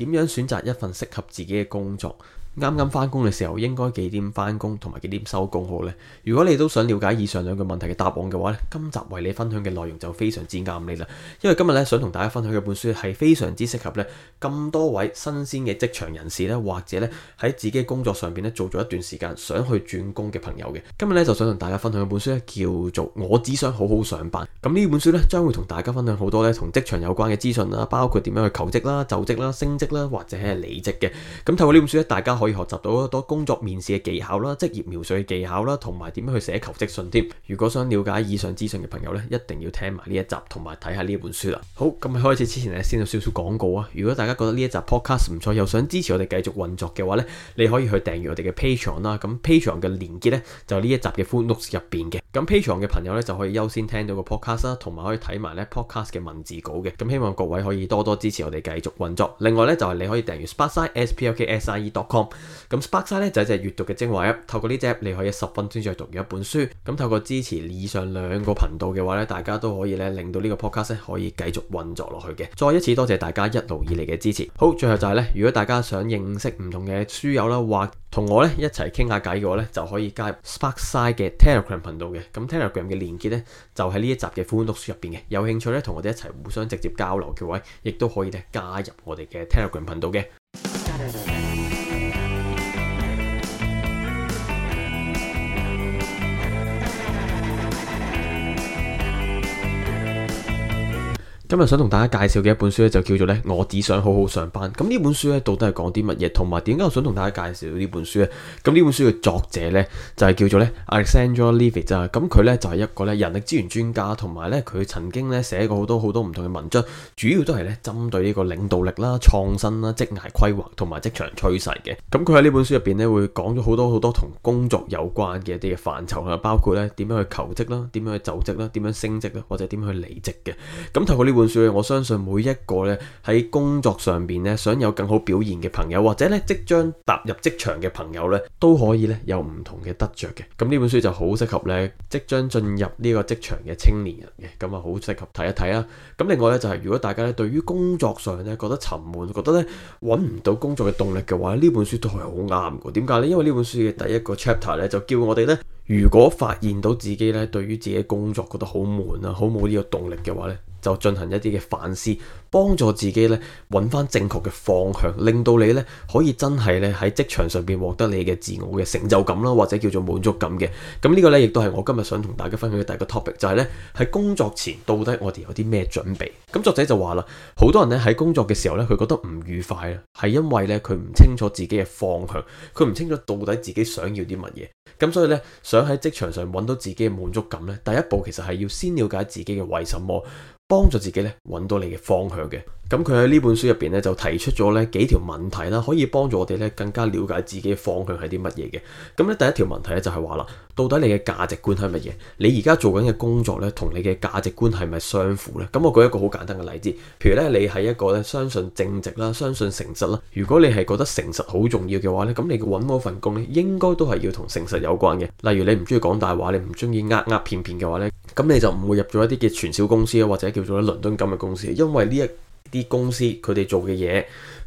點樣選擇一份適合自己嘅工作？啱啱翻工嘅時候應該幾點翻工同埋幾點收工好呢？如果你都想了解以上兩個問題嘅答案嘅話呢，今集為你分享嘅內容就非常之啱你啦。因為今日呢，想同大家分享嘅本書係非常之適合呢咁多位新鮮嘅職場人士呢，或者呢喺自己工作上邊呢，做咗一段時間，想去轉工嘅朋友嘅。今日呢，就想同大家分享嘅本書呢叫做《我只想好好上班》。咁呢本書呢，將會同大家分享好多呢同職場有關嘅資訊啦，包括點樣去求職啦、就職啦、升職啦或者係離職嘅。咁透過呢本書呢，大家，可以學習到多工作面試嘅技巧啦、職業描述嘅技巧啦，同埋點樣去寫求職信添。如果想了解以上資訊嘅朋友呢，一定要聽埋呢一集同埋睇下呢本書啊。好，咁喺開始之前呢，先有少少廣告啊。如果大家覺得呢一集 podcast 唔錯，又想支持我哋繼續運作嘅話呢，你可以去訂閱我哋嘅 patreon 啦。咁 patreon 嘅連結呢，就呢一集嘅 full notes 入邊嘅。咁 patreon 嘅朋友呢，就可以優先聽到個 podcast 啦，同埋可以睇埋呢 podcast 嘅文字稿嘅。咁希望各位可以多多支持我哋繼續運作。另外呢，就係、是、你可以訂閱 s p o t l i splkse.com。咁 Sparkside 咧，就係隻閱讀嘅精華 app。透過呢隻 app，你可以十分專注讀完一本書。咁透過支持以上兩個頻道嘅話咧，大家都可以咧，令到呢個 podcast 可以繼續運作落去嘅。再一次多謝大家一路以嚟嘅支持。好，最後就係咧，如果大家想認識唔同嘅書友啦，或同我咧一齊傾下偈嘅話咧，就可以加入 Sparkside 嘅 Telegram 頻道嘅。咁 Telegram 嘅鏈接咧，就喺呢一集嘅歡讀書入邊嘅。有興趣咧，同我哋一齊互相直接交流嘅話，亦都可以咧，加入我哋嘅 Telegram 頻道嘅。今日想同大家介紹嘅一本書咧，就叫做咧我只想好好上班。咁呢本書咧，到底係講啲乜嘢？同埋點解我想同大家介紹呢本書咧？咁呢本書嘅作者呢，就係叫做咧 Alexandra Levit 啊。咁佢呢，就係一個咧人力資源專家，同埋呢，佢曾經咧寫過好多好多唔同嘅文章，主要都係咧針對呢個領導力啦、創新啦、職涯規劃同埋職場趨勢嘅。咁佢喺呢本書入邊咧會講咗好多好多同工作有關嘅啲範疇啊，包括咧點樣去求職啦、點樣去就職啦、點樣升職啦，或者點樣去離職嘅。咁透過呢本書我相信每一個咧喺工作上邊咧，想有更好表現嘅朋友，或者咧即將踏入職場嘅朋友咧，都可以咧有唔同嘅得着嘅。咁呢本書就好適合咧即將進入呢個職場嘅青年人嘅，咁啊好適合睇一睇啊。咁另外咧就係、是、如果大家咧對於工作上咧覺得沉悶，覺得咧搵唔到工作嘅動力嘅話，呢本書都係好啱嘅。點解咧？因為呢本書嘅第一個 chapter 咧就叫我哋咧，如果發現到自己咧對於自己工作覺得好悶啊，好冇呢個動力嘅話咧。就進行一啲嘅反思，幫助自己咧揾翻正確嘅方向，令到你咧可以真係咧喺職場上邊獲得你嘅自我嘅成就感啦，或者叫做滿足感嘅。咁呢個咧亦都係我今日想同大家分享嘅第一個 topic，就係咧喺工作前到底我哋有啲咩準備？咁作者就話啦，好多人咧喺工作嘅時候咧，佢覺得唔愉快啊，係因為咧佢唔清楚自己嘅方向，佢唔清楚到底自己想要啲乜嘢。咁所以咧想喺職場上揾到自己嘅滿足感咧，第一步其實係要先了解自己嘅為什麼。幫助自己咧，搵到你嘅方向嘅。咁佢喺呢本書入邊咧就提出咗咧幾條問題啦，可以幫助我哋咧更加了解自己嘅方向係啲乜嘢嘅。咁咧第一條問題咧就係話啦，到底你嘅價值觀係乜嘢？你而家做緊嘅工作咧同你嘅價值觀係咪相符咧？咁我舉一個好簡單嘅例子，譬如咧你係一個咧相信正直啦，相信誠實啦。如果你係覺得誠實好重要嘅話咧，咁你揾嗰份工咧應該都係要同誠實有關嘅。例如你唔中意講大話，你唔中意呃呃騙騙嘅話咧，咁你就唔會入咗一啲嘅傳銷公司呀或者叫做咧倫敦金嘅公司，因為呢一啲公司佢哋做嘅嘢，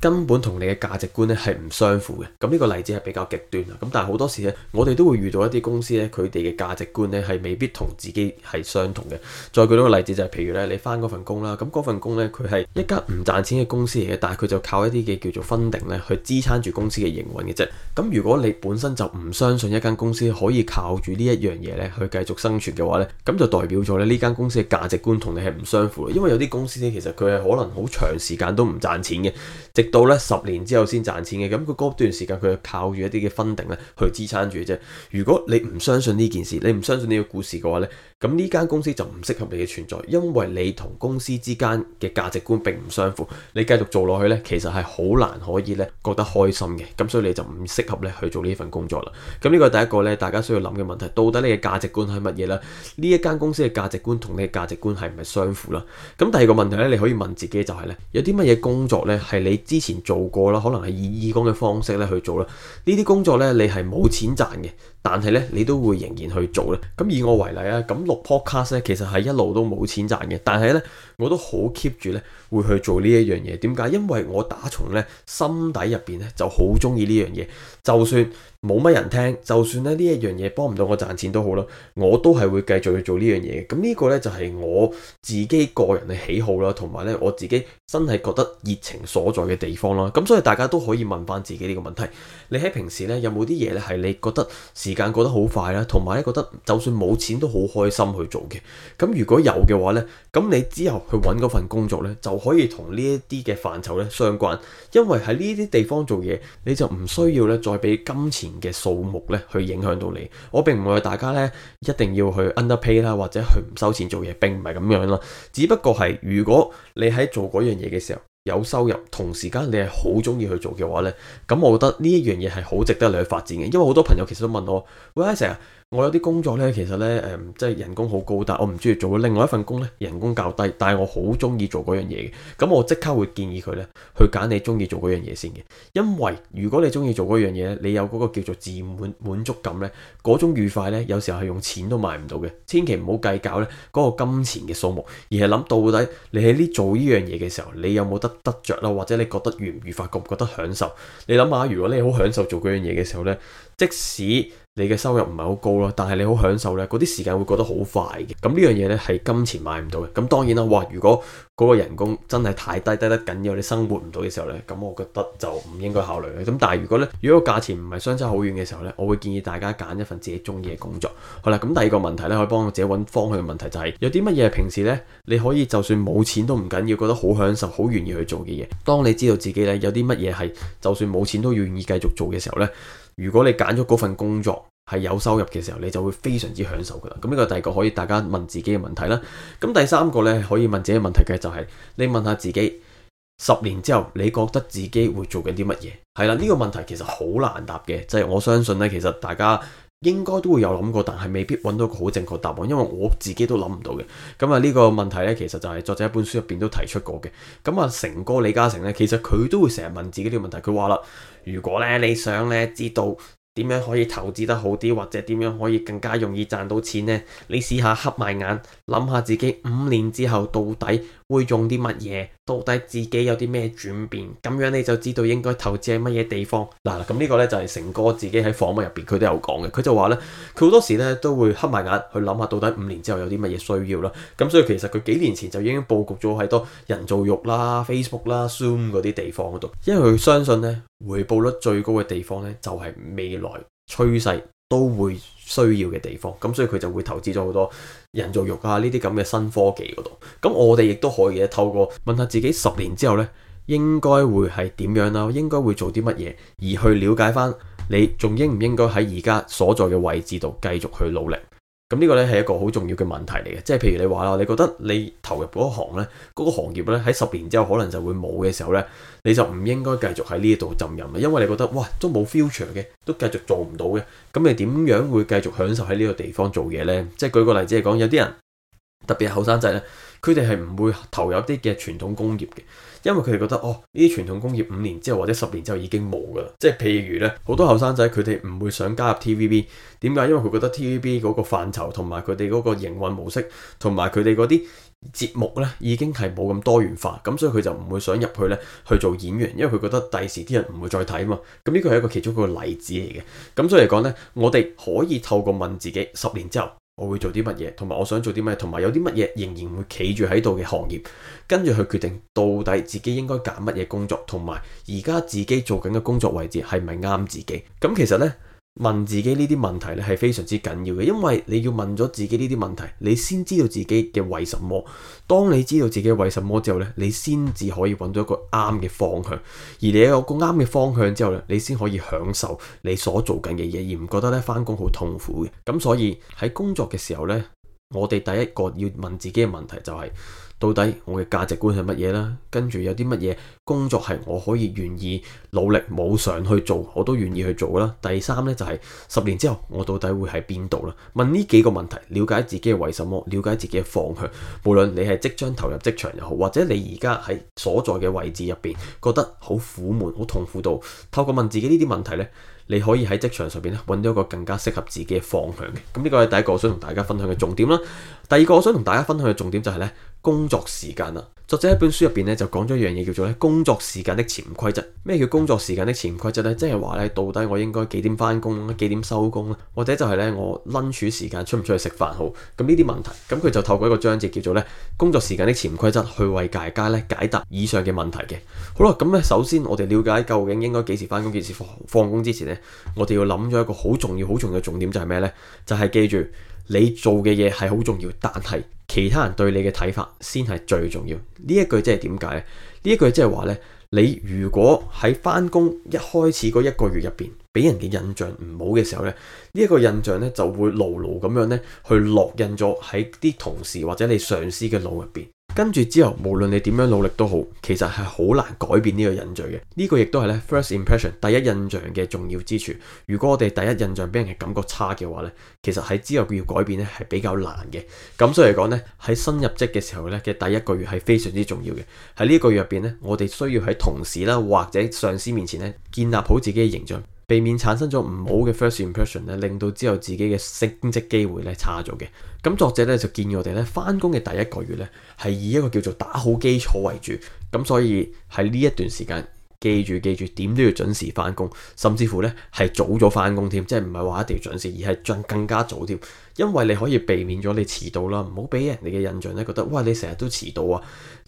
根本同你嘅價值觀咧係唔相符嘅。咁、這、呢個例子係比較極端啦。咁但係好多時咧，我哋都會遇到一啲公司咧，佢哋嘅價值觀咧係未必同自己係相同嘅。再舉到個例子就係、是，譬如咧你返嗰份工啦，咁嗰份工咧佢係一家唔賺錢嘅公司嚟嘅，但係佢就靠一啲嘅叫做分定咧去支撐住公司嘅營運嘅啫。咁如果你本身就唔相信一間公司可以靠住呢一樣嘢咧去繼續生存嘅話咧，咁就代表咗咧呢間公司嘅價值觀同你係唔相符。因為有啲公司咧其實佢係可能好長時間都唔賺錢嘅。直到咧十年之後先賺錢嘅，咁佢嗰段時間佢係靠住一啲嘅 funding 咧去支撐住嘅啫。如果你唔相信呢件事，你唔相信呢個故事嘅話咧。咁呢間公司就唔適合你嘅存在，因為你同公司之間嘅價值觀並唔相符。你繼續做落去呢，其實係好難可以呢覺得開心嘅。咁所以你就唔適合呢去做呢份工作啦。咁呢個第一個呢，大家需要諗嘅問題，到底你嘅價值觀係乜嘢啦？呢一間公司嘅價值觀同你嘅價值觀係唔係相符啦？咁第二個問題呢，你可以問自己就係呢：有啲乜嘢工作呢？係你之前做過啦，可能係以義工嘅方式咧去做啦，呢啲工作呢，你係冇錢賺嘅。但係咧，你都會仍然去做咧。咁以我為例啊，咁錄 podcast 咧，其實係一路都冇錢賺嘅。但係咧，我都好 keep 住咧，會去做呢一樣嘢。點解？因為我打從咧心底入邊咧就好中意呢樣嘢。就算冇乜人聽，就算咧呢一樣嘢幫唔到我賺錢都好啦，我都係會繼續去做呢樣嘢。咁呢個咧就係我自己個人嘅喜好啦，同埋咧我自己真係覺得熱情所在嘅地方啦。咁所以大家都可以問翻自己呢個問題，你喺平時咧有冇啲嘢咧係你覺得時間過得好快啦，同埋咧覺得就算冇錢都好開心去做嘅？咁如果有嘅話咧，咁你之後去揾嗰份工作呢，就可以同呢一啲嘅範疇呢相關，因為喺呢啲地方做嘢，你就唔需要呢再俾金錢嘅數目呢去影響到你。我並唔會話大家呢一定要去 underpay 啦，或者去唔收錢做嘢，並唔係咁樣喇。只不過係如果你喺做嗰樣嘢嘅時候有收入，同時間你係好中意去做嘅話呢，咁我覺得呢一樣嘢係好值得你去發展嘅。因為好多朋友其實都問我，喂，成日……」我有啲工作咧，其實咧，誒、呃，即係人工好高，但我唔中意做。另外一份工咧，人工較低，但係我好中意做嗰樣嘢。咁我即刻會建議佢咧，去揀你中意做嗰樣嘢先嘅。因為如果你中意做嗰樣嘢，你有嗰個叫做自滿滿足感咧，嗰種愉快咧，有時候係用錢都買唔到嘅。千祈唔好計較咧嗰個金錢嘅數目，而係諗到底你喺呢做呢樣嘢嘅時候，你有冇得得着啦，或者你覺得愉唔愉快，覺唔覺得享受？你諗下，如果你好享受做嗰樣嘢嘅時候咧。即使你嘅收入唔係好高咯，但係你好享受呢，嗰啲時間會過得好快嘅。咁呢樣嘢呢，係金錢買唔到嘅。咁當然啦，哇！如果嗰個人工真係太低，低得緊要你生活唔到嘅時候呢，咁我覺得就唔應該考慮嘅。咁但係如果呢，如果個價錢唔係相差好遠嘅時候呢，我會建議大家揀一份自己中意嘅工作。好啦，咁第二個問題呢，可以幫我自己揾方向嘅問題就係：有啲乜嘢平時呢，你可以就算冇錢都唔緊要，覺得好享受、好願意去做嘅嘢。當你知道自己呢，有啲乜嘢係就算冇錢都願意繼續做嘅時候呢。如果你揀咗嗰份工作係有收入嘅時候，你就會非常之享受噶啦。咁呢個第二個可以大家問自己嘅問題啦。咁第三個呢，可以問自己問題嘅就係你問下自己，十年之後你覺得自己會做緊啲乜嘢？係啦，呢個問題其實好難答嘅，就係我相信呢，其實大家應該都會有諗過，但係未必揾到個好正確答案，因為我自己都諗唔到嘅。咁啊，呢個問題呢，其實就係作者喺本書入邊都提出過嘅。咁啊，成哥李嘉誠呢，其實佢都會成日問自己呢個問題。佢話啦，如果呢，你想呢，知道。點樣可以投資得好啲，或者點樣可以更加容易賺到錢呢？你試下黑埋眼，諗下自己五年之後到底會用啲乜嘢，到底自己有啲咩轉變，咁樣你就知道應該投資喺乜嘢地方。嗱，咁呢個呢，就係成哥自己喺訪問入邊佢都有講嘅，佢就話呢，佢好多時呢，都會黑埋眼去諗下，到底五年之後有啲乜嘢需要啦。咁所以其實佢幾年前就已經布局咗喺多人造肉啦、Facebook 啦、Zoom 嗰啲地方度，因為佢相信呢。回報率最高嘅地方呢，就係未來趨勢都會需要嘅地方，咁所以佢就會投資咗好多人造肉啊呢啲咁嘅新科技嗰度。咁我哋亦都可以透過問下自己，十年之後呢，應該會係點樣啦？應該會做啲乜嘢？而去了解返你仲應唔應該喺而家所在嘅位置度繼續去努力。咁呢個咧係一個好重要嘅問題嚟嘅，即係譬如你話啦，你覺得你投入嗰行咧，嗰個行業咧喺十年之後可能就會冇嘅時候咧，你就唔應該繼續喺呢度浸淫啦，因為你覺得哇，都冇 future 嘅，都繼續做唔到嘅，咁你點樣會繼續享受喺呢個地方做嘢咧？即係舉個例子嚟講，有啲人特別係後生仔咧。佢哋係唔會投入啲嘅傳統工業嘅，因為佢哋覺得哦，呢啲傳統工業五年之後或者十年之後已經冇㗎啦。即係譬如咧，好多後生仔佢哋唔會想加入 TVB，點解？因為佢覺得 TVB 嗰個範疇同埋佢哋嗰個營運模式同埋佢哋嗰啲節目咧，已經係冇咁多元化。咁所以佢就唔會想入去咧去做演員，因為佢覺得第時啲人唔會再睇嘛。咁呢個係一個其中一個例子嚟嘅。咁所以嚟講咧，我哋可以透過問自己十年之後，我會做啲乜嘢，同埋我想做啲乜，同埋有啲乜嘢仍然會企住喺度嘅行業，跟住去決定到底自己應該揀乜嘢工作，同埋而家自己做緊嘅工作位置係咪啱自己？咁其實呢。問自己呢啲問題咧，係非常之緊要嘅，因為你要問咗自己呢啲問題，你先知道自己嘅為什麼。當你知道自己為什麼之後咧，你先至可以揾到一個啱嘅方向。而你有個啱嘅方向之後咧，你先可以享受你所做緊嘅嘢，而唔覺得咧返工好痛苦嘅。咁所以喺工作嘅時候咧，我哋第一個要問自己嘅問題就係、是。到底我嘅價值觀係乜嘢啦？跟住有啲乜嘢工作係我可以願意努力冇想去做，我都願意去做啦。第三呢、就係，就係十年之後我到底會喺邊度啦？問呢幾個問題，了解自己係為什麼，了解自己嘅方向。無論你係即將投入職場又好，或者你而家喺所在嘅位置入邊覺得好苦悶、好痛苦到，透過問自己呢啲問題呢，你可以喺職場上邊揾到一個更加適合自己嘅方向嘅。咁呢個係第一個我想同大家分享嘅重點啦。第二個我想同大家分享嘅重點就係、係、呢。工作時間啊！作者喺本書入邊咧就講咗一樣嘢叫做咧工作時間的潛規則。咩叫工作時間的潛規則呢？即係話咧到底我應該幾點翻工、幾點收工咧？或者就係咧我 lunch 時間出唔出去食飯好？咁呢啲問題，咁佢就透過一個章節叫做咧工作時間的潛規則去為大家咧解答以上嘅問題嘅。好啦，咁咧首先我哋了解究竟應該幾時翻工、幾時放放工之前呢，我哋要諗咗一個好重要、好重要嘅重點就係咩呢？就係、是、記住。你做嘅嘢係好重要，但係其他人對你嘅睇法先係最重要。呢一句即係點解？呢一句即係話呢，你如果喺翻工一開始嗰一個月入邊，俾人嘅印象唔好嘅時候呢，呢一個印象呢就會牢牢咁樣呢去烙印咗喺啲同事或者你上司嘅腦入邊。跟住之後，無論你點樣努力都好，其實係好難改變呢個印象嘅。呢個亦都係咧 first impression 第一印象嘅重要之處。如果我哋第一印象俾人嘅感覺差嘅話咧，其實喺之後佢要改變咧係比較難嘅。咁所以嚟講咧，喺新入職嘅時候咧嘅第一個月係非常之重要嘅。喺呢一個月入邊咧，我哋需要喺同事啦或者上司面前咧建立好自己嘅形象。避免產生咗唔好嘅 first impression 咧，令到之後自己嘅升職機會咧差咗嘅。咁作者咧就建議我哋咧，返工嘅第一個月咧係以一個叫做打好基礎為主。咁所以喺呢一段時間。記住記住，點都要準時翻工，甚至乎呢係早咗翻工添，即係唔係話一定要準時，而係盡更加早添，因為你可以避免咗你遲到啦，唔好俾人哋嘅印象呢覺得，哇你成日都遲到啊！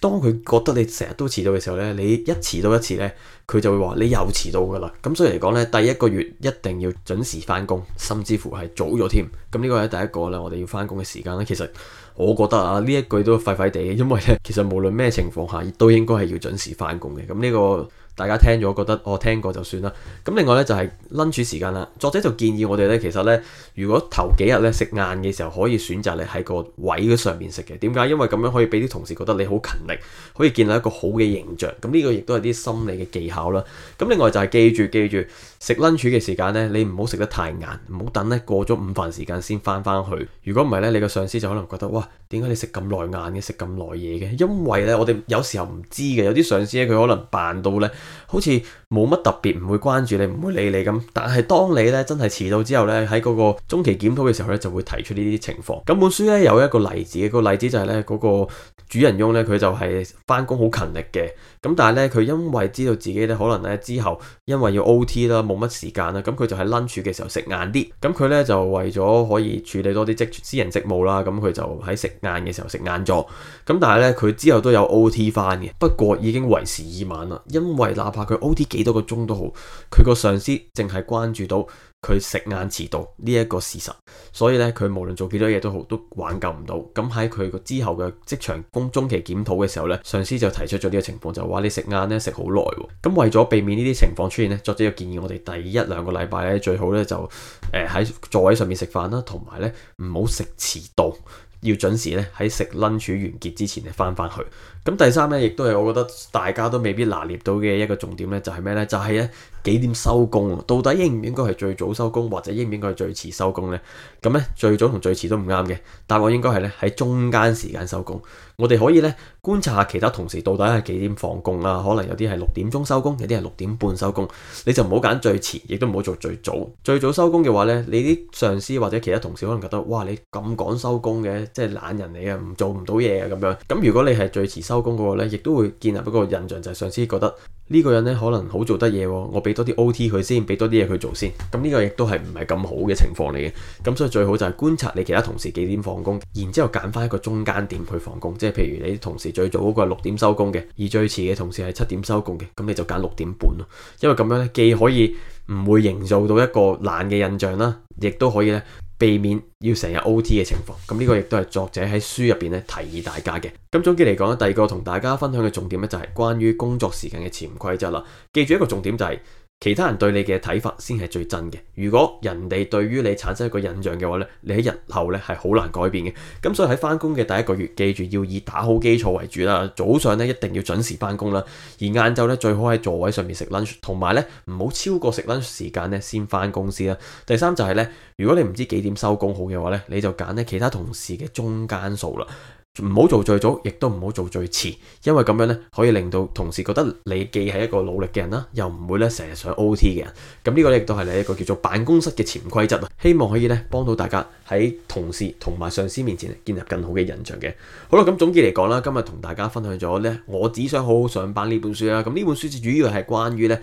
當佢覺得你成日都遲到嘅時候呢，你一遲到一次呢，佢就會話你又遲到㗎啦。咁所以嚟講呢，第一個月一定要準時翻工，甚至乎係早咗添。咁呢個係第一個啦，我哋要翻工嘅時間啦。其實我覺得啊，呢一句都廢廢地，因為呢其實無論咩情況下，都應該係要準時翻工嘅。咁呢個。大家聽咗覺得我聽過就算啦。咁另外呢，就係 lunch 時間啦。作者就建議我哋呢，其實呢，如果頭幾日呢食晏嘅時候，可以選擇你喺個位嗰上面食嘅。點解？因為咁樣可以俾啲同事覺得你好勤力，可以建立一個好嘅形象。咁呢個亦都係啲心理嘅技巧啦。咁另外就係記住記住食 lunch 嘅時間呢，你唔好食得太晏，唔好等呢過咗午飯時間先翻翻去。如果唔係呢，你個上司就可能覺得哇，點解你食咁耐晏嘅食咁耐嘢嘅？因為呢，我哋有時候唔知嘅，有啲上司呢佢可能扮到呢。好似冇乜特別，唔會關注你，唔會理你咁。但係當你咧真係遲到之後咧，喺嗰個中期檢討嘅時候咧，就會提出呢啲情況。咁本書咧有一個例子嘅，個例子就係咧嗰個主人翁咧，佢就係返工好勤力嘅。咁但係咧，佢因為知道自己咧可能咧之後因為要 OT 啦，冇乜時間啦，咁佢就喺 lunch 嘅時候食晏啲。咁佢咧就為咗可以處理多啲職私人職務啦，咁佢就喺食晏嘅時候食晏咗。咁但係咧，佢之後都有 OT 返嘅，不過已經為時已晚啦。因為哪怕佢 OT 幾多個鐘都好，佢個上司淨係關注到佢食晏遲到呢一個事實，所以咧佢無論做幾多嘢都好，都挽救唔到。咁喺佢之後嘅職場工中期檢討嘅時候咧，上司就提出咗呢個情況，就話你食晏咧食好耐。咁為咗避免呢啲情況出現咧，作者又建議我哋第一兩個禮拜咧最好咧就誒喺座位上面食飯啦，同埋咧唔好食遲到，要準時咧喺食 lunch 完結之前咧翻翻去。咁第三咧，亦都係我覺得大家都未必拿捏到嘅一個重點咧，就係咩咧？就係、是、咧幾點收工啊？到底應唔應該係最早收工，或者應唔應該係最遲收工呢？咁咧，最早同最遲都唔啱嘅。答案應該係咧喺中間時間收工。我哋可以咧觀察下其他同事到底係幾點放工啊？可能有啲係六點鐘收工，有啲係六點半收工。你就唔好揀最遲，亦都唔好做最早。最早收工嘅話咧，你啲上司或者其他同事可能覺得哇，你咁趕收工嘅，即係懶人嚟嘅，唔做唔到嘢啊咁樣。咁如果你係最遲，收工嗰個咧，亦都會建立一個印象，就係上司覺得呢個人咧可能好做得嘢，我俾多啲 OT 佢先，俾多啲嘢佢做先。咁呢個亦都係唔係咁好嘅情況嚟嘅。咁所以最好就係觀察你其他同事幾點放工，然之後揀翻一個中間點去放工。即係譬如你同事最早嗰個係六點收工嘅，而最遲嘅同事係七點收工嘅，咁你就揀六點半咯。因為咁樣咧，既可以唔會營造到一個懶嘅印象啦，亦都可以咧。避免要成日 OT 嘅情況，咁、這、呢個亦都係作者喺書入邊提議大家嘅。咁總結嚟講，第二個同大家分享嘅重點咧就係關於工作時間嘅潛規則啦。記住一個重點就係、是。其他人對你嘅睇法先係最真嘅。如果人哋對於你產生一個印象嘅話呢，你喺日後呢係好難改變嘅。咁所以喺翻工嘅第一個月，記住要以打好基礎為主啦。早上呢一定要準時翻工啦，而晏晝呢最好喺座位上面食 lunch，同埋呢唔好超過食 lunch 時間呢先翻公司啦。第三就係呢，如果你唔知幾點收工好嘅話呢，你就揀呢其他同事嘅中間數啦。唔好做最早，亦都唔好做最遲，因為咁樣呢，可以令到同事覺得你既係一個努力嘅人啦，又唔會咧成日上 OT 嘅人。咁呢個呢亦都係你一個叫做辦公室嘅潛規則啊！希望可以呢，幫到大家喺同事同埋上司面前建立更好嘅印象嘅。好啦，咁總結嚟講啦，今日同大家分享咗呢，我只想好好上班呢本書啦。咁呢本書主要係關於呢，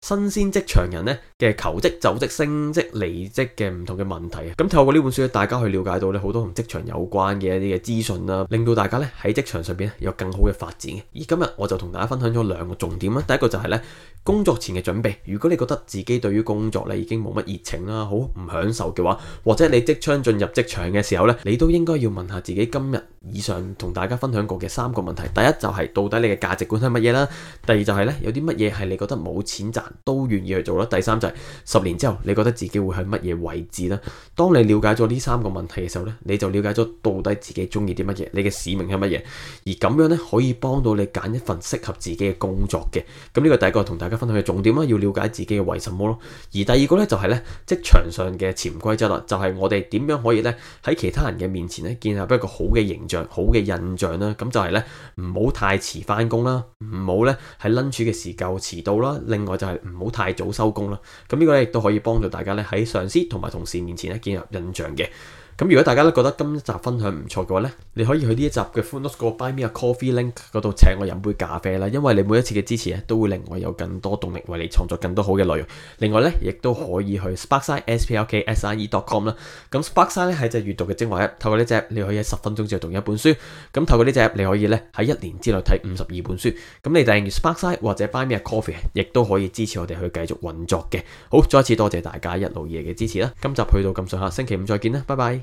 新鮮職場人呢，嘅求職、就職、升職、離職嘅唔同嘅問題啊，咁透過呢本書大家去了解到咧好多同職場有關嘅一啲嘅資訊啦，令到大家咧喺職場上邊咧有更好嘅發展，而今日我就同大家分享咗兩個重點啦，第一個就係咧工作前嘅準備。如果你覺得自己對於工作咧已經冇乜熱情啊，好唔享受嘅話，或者你即將進入職場嘅時候咧，你都應該要問下自己今日以上同大家分享過嘅三個問題。第一就係到底你嘅價值觀係乜嘢啦？第二就係咧有啲乜嘢係你覺得冇錢賺都願意去做啦。第三就係十年之後，你覺得自己會喺乜嘢位置呢？當你了解咗呢三個問題嘅時候呢，你就了解咗到底自己中意啲乜嘢，你嘅使命係乜嘢，而咁樣呢，可以幫到你揀一份適合自己嘅工作嘅。咁呢個第一個同大家分享嘅重點啦，要了解自己嘅為什麼咯。而第二個呢，就係呢職場上嘅潛規則啦，就係、是、我哋點樣可以呢喺其他人嘅面前呢建立一個好嘅形象、好嘅印象啦。咁就係呢，唔好太遲翻工啦，唔好呢喺 lunch 嘅時候遲到啦。另外就係唔好太早收工啦。咁呢個咧，亦都可以幫助大家咧喺上司同埋同事面前咧建立印象嘅。咁如果大家都覺得今集分享唔錯嘅話呢，你可以去呢一集嘅 Follow Us 嗰個 Buy Me A Coffee Link 嗰度請我飲杯咖啡啦。因為你每一次嘅支持咧，都會令我有更多動力為你創作更多好嘅內容。另外呢，亦都可以去 Sparkside S P L K S R E dot com 啦。咁 Sparkside 咧係隻閱讀嘅精華一，透過呢隻 app, 你可以喺十分鐘之內讀一本書。咁透過呢隻 app, 你可以咧喺一年之內睇五十二本書。咁你訂閱 Sparkside 或者 Buy Me A Coffee，亦都可以支持我哋去繼續運作嘅。好，再次多謝大家一路以嚟嘅支持啦。今集去到咁上下，星期五再見啦，拜拜。